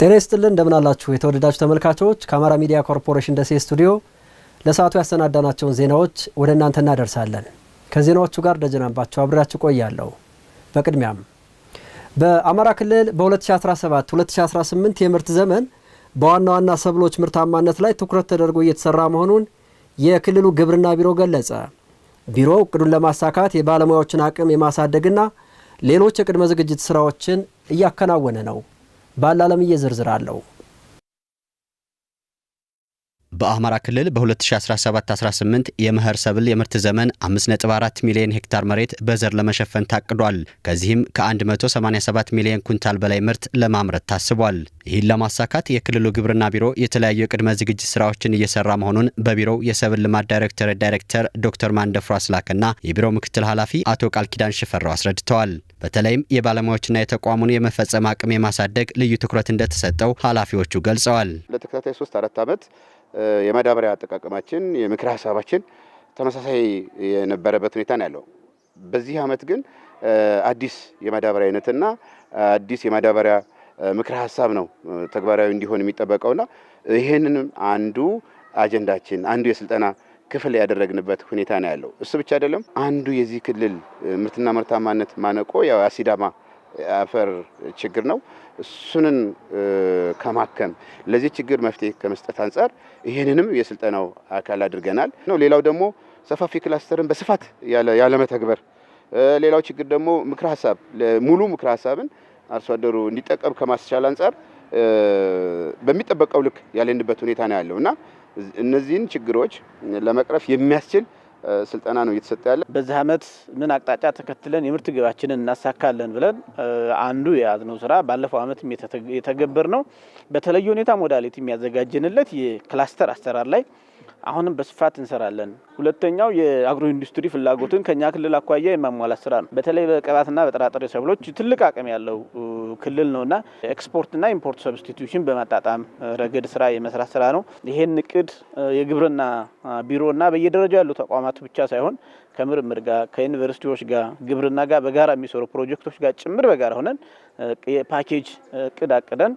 ጤና ይስጥልን እንደምን አላችሁ የተወደዳችሁ ተመልካቾች። ከአማራ ሚዲያ ኮርፖሬሽን ደሴ ስቱዲዮ ለሰዓቱ ያሰናዳናቸውን ዜናዎች ወደ እናንተ እናደርሳለን። ከዜናዎቹ ጋር ደጀናባቸው አብሬያችሁ ቆያለሁ። በቅድሚያም በአማራ ክልል በ2017 2018 የምርት ዘመን በዋና ዋና ሰብሎች ምርታማነት ላይ ትኩረት ተደርጎ እየተሰራ መሆኑን የክልሉ ግብርና ቢሮ ገለጸ። ቢሮው እቅዱን ለማሳካት የባለሙያዎችን አቅም የማሳደግና ሌሎች የቅድመ ዝግጅት ስራዎችን እያከናወነ ነው። ባለ አለምዬ ዝርዝር አለው። በአማራ ክልል በ2017-18 የመኸር ሰብል የምርት ዘመን 5.4 ሚሊዮን ሄክታር መሬት በዘር ለመሸፈን ታቅዷል። ከዚህም ከ187 ሚሊዮን ኩንታል በላይ ምርት ለማምረት ታስቧል። ይህን ለማሳካት የክልሉ ግብርና ቢሮ የተለያዩ የቅድመ ዝግጅት ስራዎችን እየሰራ መሆኑን በቢሮው የሰብል ልማት ዳይሬክተር ዳይሬክተር ዶክተር ማንደፍሮ አስላክና የቢሮው ምክትል ኃላፊ አቶ ቃል ኪዳን ሽፈራው አስረድተዋል። በተለይም የባለሙያዎችና የተቋሙን የመፈጸም አቅም የማሳደግ ልዩ ትኩረት እንደተሰጠው ኃላፊዎቹ ገልጸዋል። ለተከታታይ ሶስት አራት ዓመት የማዳበሪያ አጠቃቀማችን የምክር ሀሳባችን ተመሳሳይ የነበረበት ሁኔታ ነው ያለው። በዚህ ዓመት ግን አዲስ የማዳበሪያ አይነትና አዲስ የማዳበሪያ ምክር ሀሳብ ነው ተግባራዊ እንዲሆን የሚጠበቀውና ይህንንም አንዱ አጀንዳችን አንዱ የስልጠና ክፍል ያደረግንበት ሁኔታ ነው ያለው። እሱ ብቻ አይደለም። አንዱ የዚህ ክልል ምርትና ምርታማነት ማነቆ ያው አሲዳማ የአፈር ችግር ነው። እሱንን ከማከም ለዚህ ችግር መፍትሄ ከመስጠት አንጻር ይህንንም የስልጠናው አካል አድርገናል ነው። ሌላው ደግሞ ሰፋፊ ክላስተርን በስፋት ያለመተግበር፣ ሌላው ችግር ደግሞ ምክረ ሀሳብ ሙሉ ምክረ ሀሳብን አርሶ አደሩ እንዲጠቀም ከማስቻል አንጻር በሚጠበቀው ልክ ያለንበት ሁኔታ ነው ያለው እና እነዚህን ችግሮች ለመቅረፍ የሚያስችል ስልጠና ነው እየተሰጠ ያለ። በዚህ አመት ምን አቅጣጫ ተከትለን የምርት ግባችንን እናሳካለን ብለን አንዱ የያዝነው ስራ ባለፈው ዓመትም የተገበር ነው። በተለየ ሁኔታ ሞዳሊቲ የሚያዘጋጀንለት የክላስተር አሰራር ላይ አሁንም በስፋት እንሰራለን። ሁለተኛው የአግሮ ኢንዱስትሪ ፍላጎትን ከኛ ክልል አኳያ የማሟላት ስራ ነው። በተለይ በቅባትና በጥራጥሬ ሰብሎች ትልቅ አቅም ያለው ክልል ነውና ኤክስፖርትና ኢምፖርት ሰብስቲቱሽን በማጣጣም ረገድ ስራ የመስራት ስራ ነው። ይሄን እቅድ የግብርና ቢሮና በየደረጃው ያሉ ተቋማት ብቻ ሳይሆን ከምርምር ጋር ከዩኒቨርሲቲዎች ጋር ግብርና ጋር በጋራ የሚሰሩ ፕሮጀክቶች ጋር ጭምር በጋራ ሆነን የፓኬጅ እቅድ አቅደን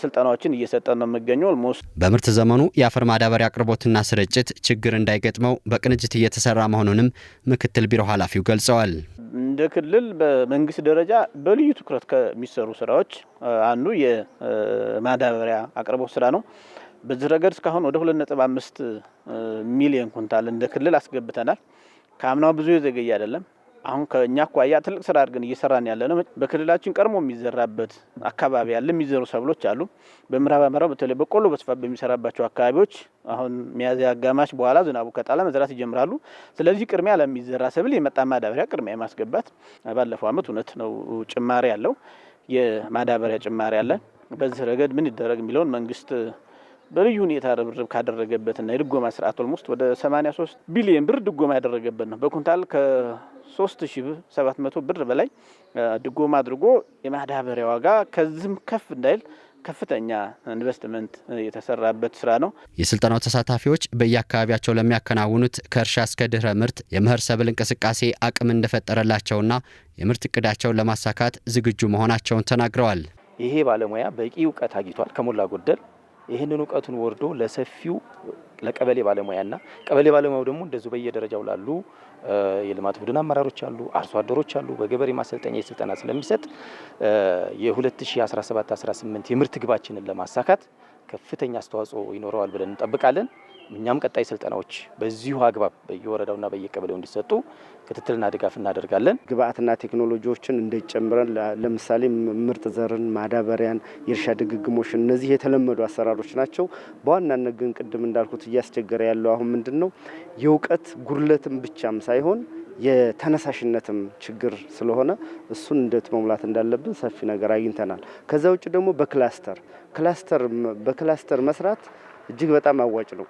ስልጠናዎችን እየሰጠን ነው የሚገኘው። ልሞስ በምርት ዘመኑ የአፈር ማዳበሪያ አቅርቦትና ስርጭት ችግር እንዳይገጥመው በቅንጅት እየተሰራ መሆኑንም ምክትል ቢሮ ኃላፊው ገልጸዋል። እንደ ክልል በመንግስት ደረጃ በልዩ ትኩረት ከሚሰሩ ስራዎች አንዱ የማዳበሪያ አቅርቦት ስራ ነው። በዚህ ረገድ እስካሁን ወደ ሁለት ነጥብ አምስት ሚሊዮን ኩንታል እንደ ክልል አስገብተናል። ከአምናው ብዙ የዘገየ አይደለም። አሁን ከእኛ አኳያ ትልቅ ስራ አድርገን እየሰራን ያለ ነው። በክልላችን ቀድሞ የሚዘራበት አካባቢ ያለ የሚዘሩ ሰብሎች አሉ። በምዕራብ አማራ በተለይ በቆሎ በስፋት በሚሰራባቸው አካባቢዎች አሁን ሚያዝያ አጋማሽ በኋላ ዝናቡ ከጣለ መዝራት ይጀምራሉ። ስለዚህ ቅድሚያ ለሚዘራ ሰብል የመጣ ማዳበሪያ ቅድሚያ የማስገባት ባለፈው ዓመት እውነት ነው ጭማሪ ያለው የማዳበሪያ ጭማሪ አለ። በዚህ ረገድ ምን ይደረግ የሚለውን መንግስት በልዩ ሁኔታ ርብርብ ካደረገበትና የድጎማ ስርዓት ኦልሞስት ወደ 83 ቢሊዮን ብር ድጎማ ያደረገበት ነው። በኩንታል ከ3700 ብር በላይ ድጎማ አድርጎ የማዳበሪያ ዋጋ ከዚህም ከፍ እንዳይል ከፍተኛ ኢንቨስትመንት የተሰራበት ስራ ነው። የስልጠናው ተሳታፊዎች በየአካባቢያቸው ለሚያከናውኑት ከእርሻ እስከ ድህረ ምርት የመኸር ሰብል እንቅስቃሴ አቅም እንደፈጠረላቸውና የምርት እቅዳቸውን ለማሳካት ዝግጁ መሆናቸውን ተናግረዋል። ይሄ ባለሙያ በቂ እውቀት አግኝቷል ከሞላ ጎደል ይህንን እውቀቱን ወርዶ ለሰፊው ለቀበሌ ባለሙያና ቀበሌ ባለሙያው ደግሞ እንደዚሁ በየደረጃው ላሉ የልማት ቡድን አመራሮች አሉ፣ አርሶ አደሮች አሉ። በገበሬ ማሰልጠኛ ስልጠና ስለሚሰጥ የ2017-18 የምርት ግባችንን ለማሳካት ከፍተኛ አስተዋጽኦ ይኖረዋል ብለን እንጠብቃለን። እኛም ቀጣይ ስልጠናዎች በዚሁ አግባብ በየወረዳውና በየቀበሌው እንዲሰጡ ክትትልና ድጋፍ እናደርጋለን። ግብአትና ቴክኖሎጂዎችን እንደጨምረን ለምሳሌ ምርጥ ዘርን፣ ማዳበሪያን፣ የእርሻ ድግግሞችን እነዚህ የተለመዱ አሰራሮች ናቸው። በዋናነት ግን ቅድም እንዳልኩት እያስቸገረ ያለው አሁን ምንድን ነው የእውቀት ጉድለትም ብቻም ሳይሆን የተነሳሽነትም ችግር ስለሆነ እሱን እንዴት መሙላት እንዳለብን ሰፊ ነገር አግኝተናል። ከዛ ውጭ ደግሞ በክላስተር ክላስተር በክላስተር መስራት እጅግ በጣም አዋጭ ነው።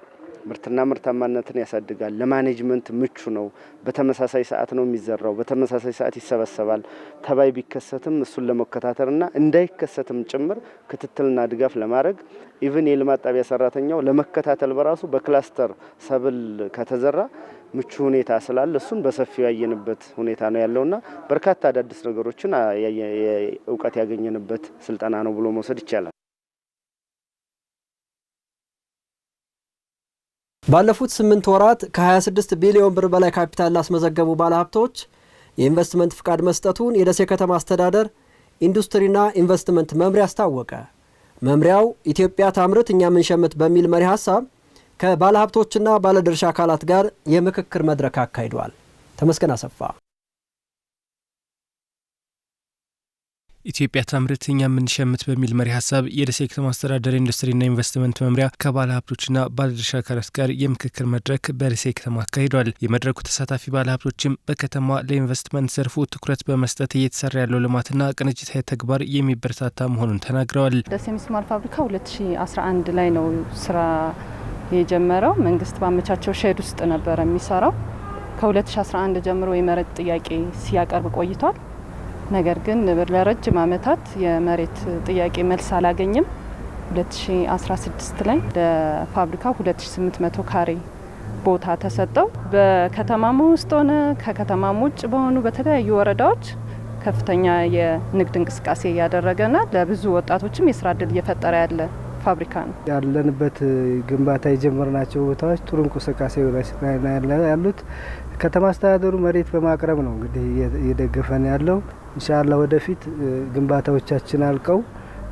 ምርትና ምርታማነትን ያሳድጋል። ለማኔጅመንት ምቹ ነው። በተመሳሳይ ሰዓት ነው የሚዘራው፣ በተመሳሳይ ሰዓት ይሰበሰባል። ተባይ ቢከሰትም እሱን ለመከታተልና እንዳይከሰትም ጭምር ክትትልና ድጋፍ ለማድረግ ኢቭን የልማት ጣቢያ ሰራተኛው ለመከታተል በራሱ በክላስተር ሰብል ከተዘራ ምቹ ሁኔታ ስላለ እሱን በሰፊው ያየንበት ሁኔታ ነው ያለውና በርካታ አዳዲስ ነገሮችን እውቀት ያገኘንበት ስልጠና ነው ብሎ መውሰድ ይቻላል። ባለፉት ስምንት ወራት ከ26 ቢሊዮን ብር በላይ ካፒታል ላስመዘገቡ ባለሀብቶች የኢንቨስትመንት ፍቃድ መስጠቱን የደሴ ከተማ አስተዳደር ኢንዱስትሪና ኢንቨስትመንት መምሪያ አስታወቀ። መምሪያው ኢትዮጵያ ታምርት እኛ ምንሸምት በሚል መሪ ሀሳብ ከባለሀብቶችና ባለድርሻ አካላት ጋር የምክክር መድረክ አካሂዷል። ተመስገን አሰፋ ኢትዮጵያ ታምርት እኛ የምንሸምት በሚል መሪ ሀሳብ የደሴ ከተማ አስተዳደር ኢንዱስትሪና ኢንቨስትመንት መምሪያ ከባለ ሀብቶችና ባለድርሻ አካላት ጋር የምክክር መድረክ በደሴ ከተማ አካሂዷል። የመድረኩ ተሳታፊ ባለ ሀብቶችም በከተማ ለኢንቨስትመንት ዘርፉ ትኩረት በመስጠት እየተሰራ ያለው ልማትና ቅንጅታዊ ተግባር የሚበረታታ መሆኑን ተናግረዋል። ደሴ ሚስማር ፋብሪካ 2011 ላይ ነው ስራ የጀመረው። መንግስት ባመቻቸው ሼድ ውስጥ ነበረ የሚሰራው። ከ2011 ጀምሮ የመሬት ጥያቄ ሲያቀርብ ቆይቷል። ነገር ግን ለረጅም ዓመታት የመሬት ጥያቄ መልስ አላገኝም። 2016 ላይ ለፋብሪካ 2800 ካሬ ቦታ ተሰጠው። በከተማም ውስጥ ሆነ ከከተማም ውጭ በሆኑ በተለያዩ ወረዳዎች ከፍተኛ የንግድ እንቅስቃሴ እያደረገና ለብዙ ወጣቶችም የስራ እድል እየፈጠረ ያለ ፋብሪካ ነው። ያለንበት ግንባታ የጀመርናቸው ቦታዎች ጥሩ እንቅስቃሴ ያሉት ከተማ አስተዳደሩ መሬት በማቅረብ ነው እንግዲህ እየደገፈን ያለው። እንሻላ ወደፊት ግንባታዎቻችን አልቀው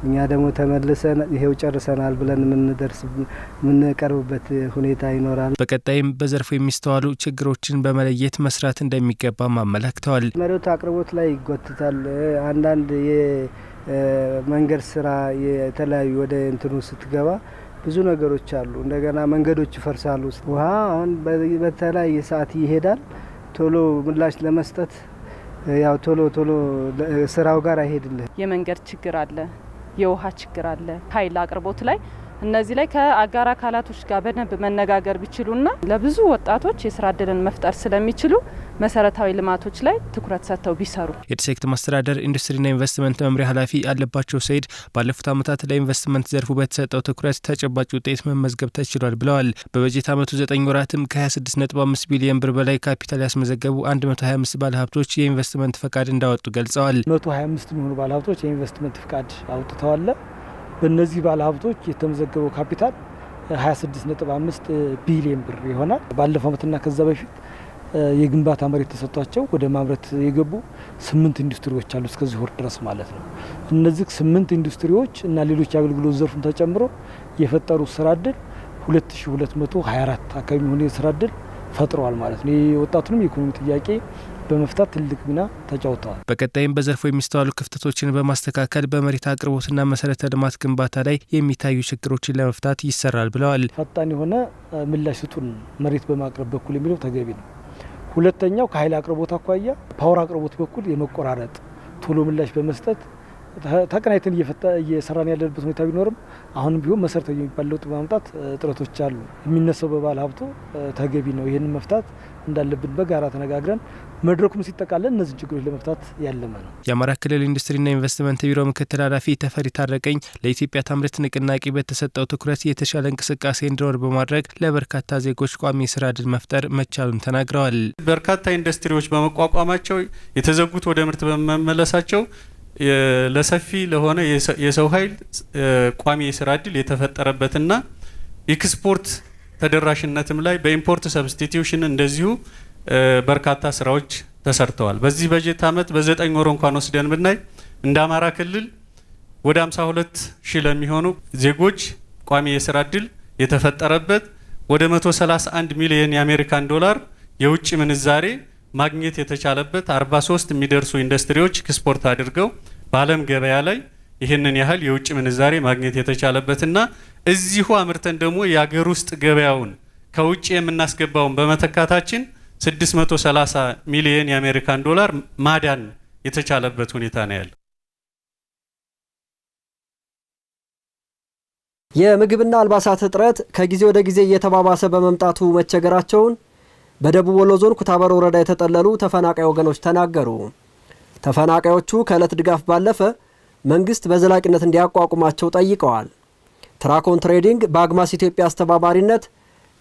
እኛ ደግሞ ተመልሰን ይሄው ጨርሰናል ብለን የምንደርስ የምንቀርብበት ሁኔታ ይኖራል። በቀጣይም በዘርፉ የሚስተዋሉ ችግሮችን በመለየት መስራት እንደሚገባም አመላክተዋል። መሬቱ አቅርቦት ላይ ይጎትታል። አንዳንድ መንገድ ስራ የተለያዩ ወደ እንትኑ ስትገባ ብዙ ነገሮች አሉ። እንደገና መንገዶች ይፈርሳሉ። ውሃ አሁን በተለያየ ሰዓት ይሄዳል። ቶሎ ምላሽ ለመስጠት ያው ቶሎ ቶሎ ስራው ጋር አይሄድልህ። የመንገድ ችግር አለ፣ የውሃ ችግር አለ፣ ኃይል አቅርቦት ላይ እነዚህ ላይ ከአጋር አካላቶች ጋር በደንብ መነጋገር ቢችሉና ለብዙ ወጣቶች የስራ እድልን መፍጠር ስለሚችሉ መሰረታዊ ልማቶች ላይ ትኩረት ሰጥተው ቢሰሩ። የዲሴክት ማስተዳደር ኢንዱስትሪና ኢንቨስትመንት መምሪያ ኃላፊ አለባቸው ሰይድ ባለፉት ዓመታት ለኢንቨስትመንት ዘርፉ በተሰጠው ትኩረት ተጨባጭ ውጤት መመዝገብ ተችሏል ብለዋል። በበጀት ዓመቱ ዘጠኝ ወራትም ከ26.5 ቢሊዮን ብር በላይ ካፒታል ያስመዘገቡ 125 ባለሀብቶች የኢንቨስትመንት ፈቃድ እንዳወጡ ገልጸዋል። 125 የሚሆኑ ባለሀብቶች የኢንቨስትመንት ፈቃድ አውጥተዋል። በእነዚህ ባለሀብቶች የተመዘገበው ካፒታል 26.5 ቢሊዮን ብር ይሆናል። ባለፈው ዓመትና ከዛ በፊት የግንባታ መሬት ተሰጥቷቸው ወደ ማምረት የገቡ ስምንት ኢንዱስትሪዎች አሉ እስከዚህ ወር ድረስ ማለት ነው። እነዚህ ስምንት ኢንዱስትሪዎች እና ሌሎች የአገልግሎት ዘርፉን ተጨምሮ የፈጠሩ ስራ እድል 2224 አካባቢ የሚሆኑ የስራ እድል ፈጥረዋል ማለት ነው። የወጣቱንም የኢኮኖሚ ጥያቄ በመፍታት ትልቅ ሚና ተጫውተዋል። በቀጣይም በዘርፉ የሚስተዋሉ ክፍተቶችን በማስተካከል በመሬት አቅርቦትና መሰረተ ልማት ግንባታ ላይ የሚታዩ ችግሮችን ለመፍታት ይሰራል ብለዋል። ፈጣን የሆነ ምላሽ ስጡን መሬት በማቅረብ በኩል የሚለው ተገቢ ነው። ሁለተኛው ከኃይል አቅርቦት አኳያ ፓወር አቅርቦት በኩል የመቆራረጥ ቶሎ ምላሽ በመስጠት ተቀናይተን እየሰራን ያለንበት ሁኔታ ቢኖርም አሁንም ቢሆን መሰረታዊ የሚባል ለውጥ በማምጣት ጥረቶች አሉ። የሚነሳው በባለ ሀብቱ ተገቢ ነው። ይህን መፍታት እንዳለብን በጋራ ተነጋግረን መድረኩም ሲጠቃለን እነዚህ ችግሮች ለመፍታት ያለመ ነው። የአማራ ክልል ኢንዱስትሪና ኢንቨስትመንት ቢሮ ምክትል ኃላፊ ተፈሪ ታረቀኝ ለኢትዮጵያ ታምርት ንቅናቄ በተሰጠው ትኩረት የተሻለ እንቅስቃሴ እንዲኖር በማድረግ ለበርካታ ዜጎች ቋሚ የስራ እድል መፍጠር መቻሉን ተናግረዋል። በርካታ ኢንዱስትሪዎች በመቋቋማቸው የተዘጉት ወደ ምርት በመመለሳቸው ለሰፊ ለሆነ የሰው ኃይል ቋሚ የስራ እድል የተፈጠረበትና ኤክስፖርት ተደራሽነትም ላይ በኢምፖርት ሰብስቲቲዩሽን እንደዚሁ በርካታ ስራዎች ተሰርተዋል። በዚህ በጀት ዓመት በዘጠኝ ወር እንኳን ወስደን ብናይ እንደ አማራ ክልል ወደ 52 ሺህ ለሚሆኑ ዜጎች ቋሚ የስራ እድል የተፈጠረበት ወደ 131 ሚሊዮን የአሜሪካን ዶላር የውጭ ምንዛሬ ማግኘት የተቻለበት 43 የሚደርሱ ኢንዱስትሪዎች ኤክስፖርት አድርገው በዓለም ገበያ ላይ ይህንን ያህል የውጭ ምንዛሬ ማግኘት የተቻለበትና እዚሁ አምርተን ደግሞ የአገር ውስጥ ገበያውን ከውጭ የምናስገባውን በመተካታችን 630 ሚሊዮን የአሜሪካን ዶላር ማዳን የተቻለበት ሁኔታ ነው ያለው። የምግብና አልባሳት እጥረት ከጊዜ ወደ ጊዜ እየተባባሰ በመምጣቱ መቸገራቸውን በደቡብ ወሎ ዞን ኩታበር ወረዳ የተጠለሉ ተፈናቃይ ወገኖች ተናገሩ። ተፈናቃዮቹ ከዕለት ድጋፍ ባለፈ መንግስት በዘላቂነት እንዲያቋቁማቸው ጠይቀዋል። ትራኮን ትሬዲንግ በአግማስ ኢትዮጵያ አስተባባሪነት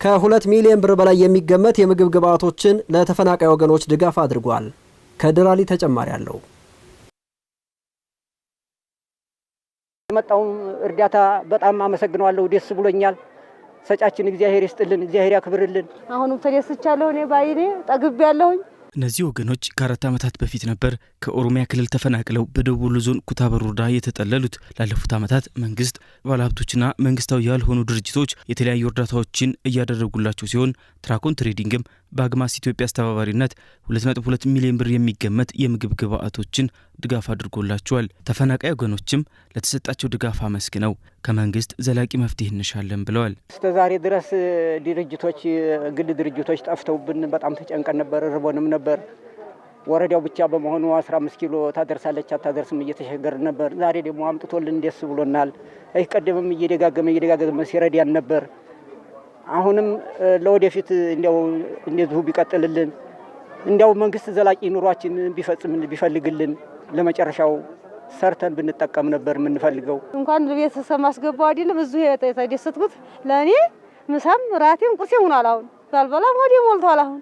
ከሁለት ሚሊዮን ብር በላይ የሚገመት የምግብ ግብዓቶችን ለተፈናቃይ ወገኖች ድጋፍ አድርጓል። ከድራሊ ተጨማሪ አለው። የመጣውን እርዳታ በጣም አመሰግነዋለሁ። ደስ ብሎኛል። ሰጫችን እግዚአብሔር ይስጥልን፣ እግዚአብሔር ያክብርልን። አሁንም ተደስቻለሁ። እኔ ባይኔ ጠግብ ያለሁኝ እነዚህ ወገኖች ከአራት ዓመታት በፊት ነበር ከኦሮሚያ ክልል ተፈናቅለው በደቡብ ወሎ ዞን ኩታበር የተጠለሉት። ላለፉት ዓመታት መንግስት፣ ባለሀብቶችና መንግስታዊ ያልሆኑ ድርጅቶች የተለያዩ እርዳታዎችን እያደረጉላቸው ሲሆን ትራኮን ትሬዲንግም በአግማስ ኢትዮጵያ አስተባባሪነት 2.2 ሚሊዮን ብር የሚገመት የምግብ ግብዓቶችን ድጋፍ አድርጎላቸዋል። ተፈናቃይ ወገኖችም ለተሰጣቸው ድጋፍ አመስግነው ከመንግስት ዘላቂ መፍትሄ እንሻለን ብለዋል። እስከ ዛሬ ድረስ ድርጅቶች፣ ግል ድርጅቶች ጠፍተውብን በጣም ተጨንቀን ነበር። ርቦንም ነበር። ወረዳው ብቻ በመሆኑ 15 ኪሎ ታደርሳለች አታደርስም እየተሸገር ነበር። ዛሬ ደግሞ አምጥቶልን ደስ ብሎናል። ይህ ቀደምም እየደጋገመ እየደጋገመ ሲረዳን ነበር። አሁንም ለወደፊት እንዲያው እንደዚሁ ቢቀጥልልን እንዲያው መንግስት ዘላቂ ኑሯችን ቢፈጽምን ቢፈልግልን ለመጨረሻው ሰርተን ብንጠቀም ነበር የምንፈልገው። እንኳን ቤተሰብ ማስገባው አይደለም እዚሁ የተደሰትኩት ለእኔ ምሳም ራቴም ቁርሴ ሆኗል። አሁን ባልበላም ሆዴ ሞልቷል። አሁን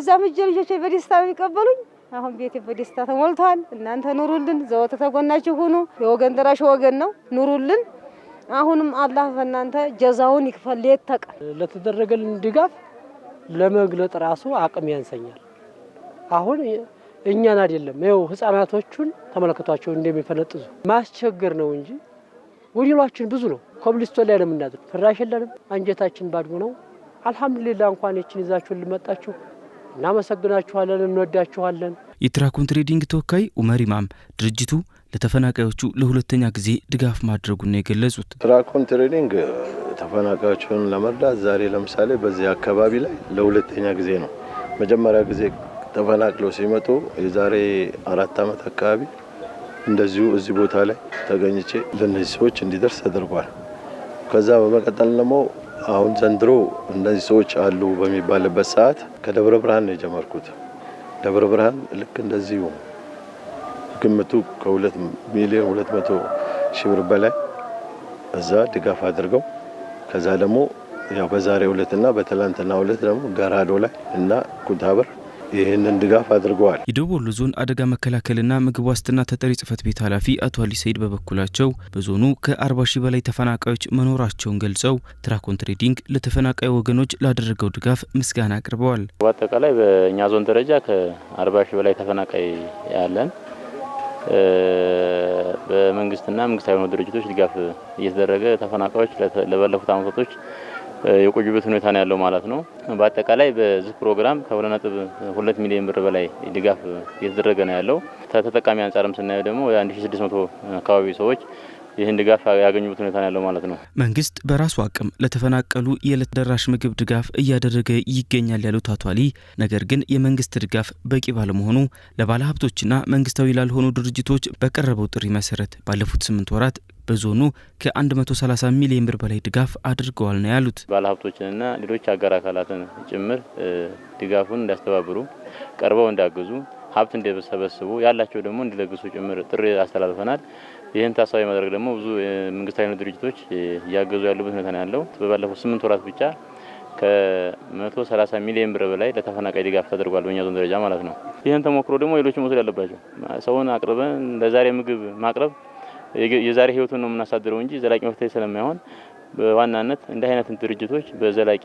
እዛም ምጀ ልጆች በደስታ የሚቀበሉኝ አሁን ቤቴ በደስታ ተሞልቷል። እናንተ ኑሩልን፣ ዘወትር ተጎናችሁ ሁኑ። የወገን ደራሽ ወገን ነው። ኑሩልን። አሁንም አላህ በእናንተ ጀዛውን ይክፈል። ሌት ተቀን ለተደረገልን ድጋፍ ለመግለጥ ራሱ አቅም ያንሰኛል። አሁን እኛን አይደለም ይኸው ህጻናቶቹን ተመለከቷቸው እንደሚፈነጥዙ ማስቸገር ነው እንጂ ውድሏችን ብዙ ነው። ኮብልስቶን ላይ ነው የምናድር፣ ፍራሽ የለንም፣ አንጀታችን ባድሞ ነው። አልሐምዱሊላ እንኳን የችን ይዛችሁን ልመጣችሁ እናመሰግናችኋለን፣ እንወዳችኋለን። የትራኩን ትሬዲንግ ተወካይ ኡመር ኢማም ድርጅቱ ለተፈናቃዮቹ ለሁለተኛ ጊዜ ድጋፍ ማድረጉን ነው የገለጹት። ትራኮን ትሬኒንግ ተፈናቃዮቹን ለመርዳት ዛሬ ለምሳሌ በዚህ አካባቢ ላይ ለሁለተኛ ጊዜ ነው። መጀመሪያ ጊዜ ተፈናቅለው ሲመጡ የዛሬ አራት ዓመት አካባቢ እንደዚሁ እዚህ ቦታ ላይ ተገኝቼ ለእነዚህ ሰዎች እንዲደርስ ተደርጓል። ከዛ በመቀጠል ደግሞ አሁን ዘንድሮ እነዚህ ሰዎች አሉ በሚባልበት ሰዓት ከደብረ ብርሃን ነው የጀመርኩት። ደብረ ብርሃን ልክ እንደዚሁ ግምቱ ከ2 ሚሊዮን 200 ሺህ ብር በላይ እዛ ድጋፍ አድርገው ከዛ ደግሞ ያው በዛሬው ዕለትና በትላንትናው ዕለት ደግሞ ገራዶ ላይ እና ኩታበር ይህንን ድጋፍ አድርገዋል። የደቡብ ወሎ ዞን አደጋ መከላከልና ምግብ ዋስትና ተጠሪ ጽህፈት ቤት ኃላፊ አቶ አሊ ሰይድ በበኩላቸው በዞኑ ከ40 ሺህ በላይ ተፈናቃዮች መኖራቸውን ገልጸው ትራኮን ትሬዲንግ ለተፈናቃይ ወገኖች ላደረገው ድጋፍ ምስጋና አቅርበዋል። በአጠቃላይ በእኛ ዞን ደረጃ ከ40 ሺህ በላይ ተፈናቃይ ያለን በመንግስትና መንግስታዊ ድርጅቶች ድጋፍ እየተደረገ ተፈናቃዮች ለባለፉት አመታቶች የቆዩበት ሁኔታ ነው ያለው ማለት ነው። በአጠቃላይ በዚህ ፕሮግራም ከ ነጥብ ሁለት ሚሊዮን ብር በላይ ድጋፍ እየተደረገ ነው ያለው። ተጠቃሚ አንጻርም ስናየው ደግሞ 1600 አካባቢ ሰዎች ይህን ድጋፍ ያገኙበት ሁኔታ ነው ያለው ማለት ነው። መንግስት በራሱ አቅም ለተፈናቀሉ የዕለት ደራሽ ምግብ ድጋፍ እያደረገ ይገኛል ያሉት አቶ አሊ፣ ነገር ግን የመንግስት ድጋፍ በቂ ባለመሆኑ ለባለሀብቶችና መንግስታዊ ላልሆኑ ድርጅቶች በቀረበው ጥሪ መሰረት ባለፉት ስምንት ወራት በዞኑ ከ130 ሚሊዮን ብር በላይ ድጋፍ አድርገዋል ነው ያሉት። ባለሀብቶችንና ሌሎች አጋር አካላትን ጭምር ድጋፉን እንዲያስተባብሩ ቀርበው እንዲያግዙ ሀብት እንዲሰበስቡ ያላቸው ደግሞ እንዲለግሱ ጭምር ጥሪ አስተላልፈናል። ይህን ታሳቢ ማድረግ ደግሞ ብዙ መንግስታዊ አይነት ድርጅቶች እያገዙ ያሉበት ሁኔታ ነው ያለው። በባለፈው ስምንት ወራት ብቻ ከ130 ሚሊዮን ብር በላይ ለተፈናቃይ ድጋፍ ተደርጓል፣ በእኛ ዞን ደረጃ ማለት ነው። ይህን ተሞክሮ ደግሞ ሌሎች መውሰድ ያለባቸው ሰውን አቅርበን ለዛሬ ምግብ ማቅረብ የዛሬ ህይወቱን ነው የምናሳድረው እንጂ ዘላቂ መፍትሄ ስለማይሆን በዋናነት እንደ አይነትን ድርጅቶች በዘላቂ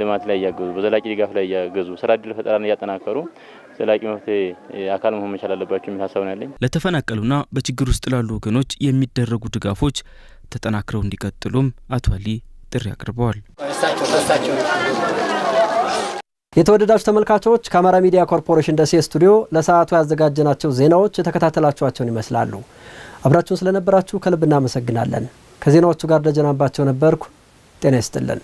ልማት ላይ እያገዙ በዘላቂ ድጋፍ ላይ እያገዙ ስራ እድል ፈጠራን እያጠናከሩ ዘላቂ መፍትሄ አካል መሆን መቻል አለባቸው የሚል ሀሳብ ነው ያለኝ። ለተፈናቀሉና በችግር ውስጥ ላሉ ወገኖች የሚደረጉ ድጋፎች ተጠናክረው እንዲቀጥሉም አቶ አሊ ጥሪ አቅርበዋል። የተወደዳችሁ ተመልካቾች ከአማራ ሚዲያ ኮርፖሬሽን ደሴ ስቱዲዮ ለሰዓቱ ያዘጋጀናቸው ዜናዎች የተከታተላችኋቸውን ይመስላሉ። አብራችሁን ስለነበራችሁ ከልብ እናመሰግናለን። ከዜናዎቹ ጋር ደጀናባቸው ነበርኩ። ጤና ይስጥልን።